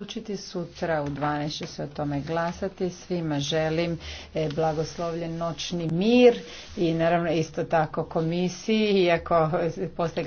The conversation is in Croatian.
Učiti sutra u 12 će se o tome glasati. Svima želim e, blagoslovljen noćni mir i naravno isto tako komisiji, iako poslije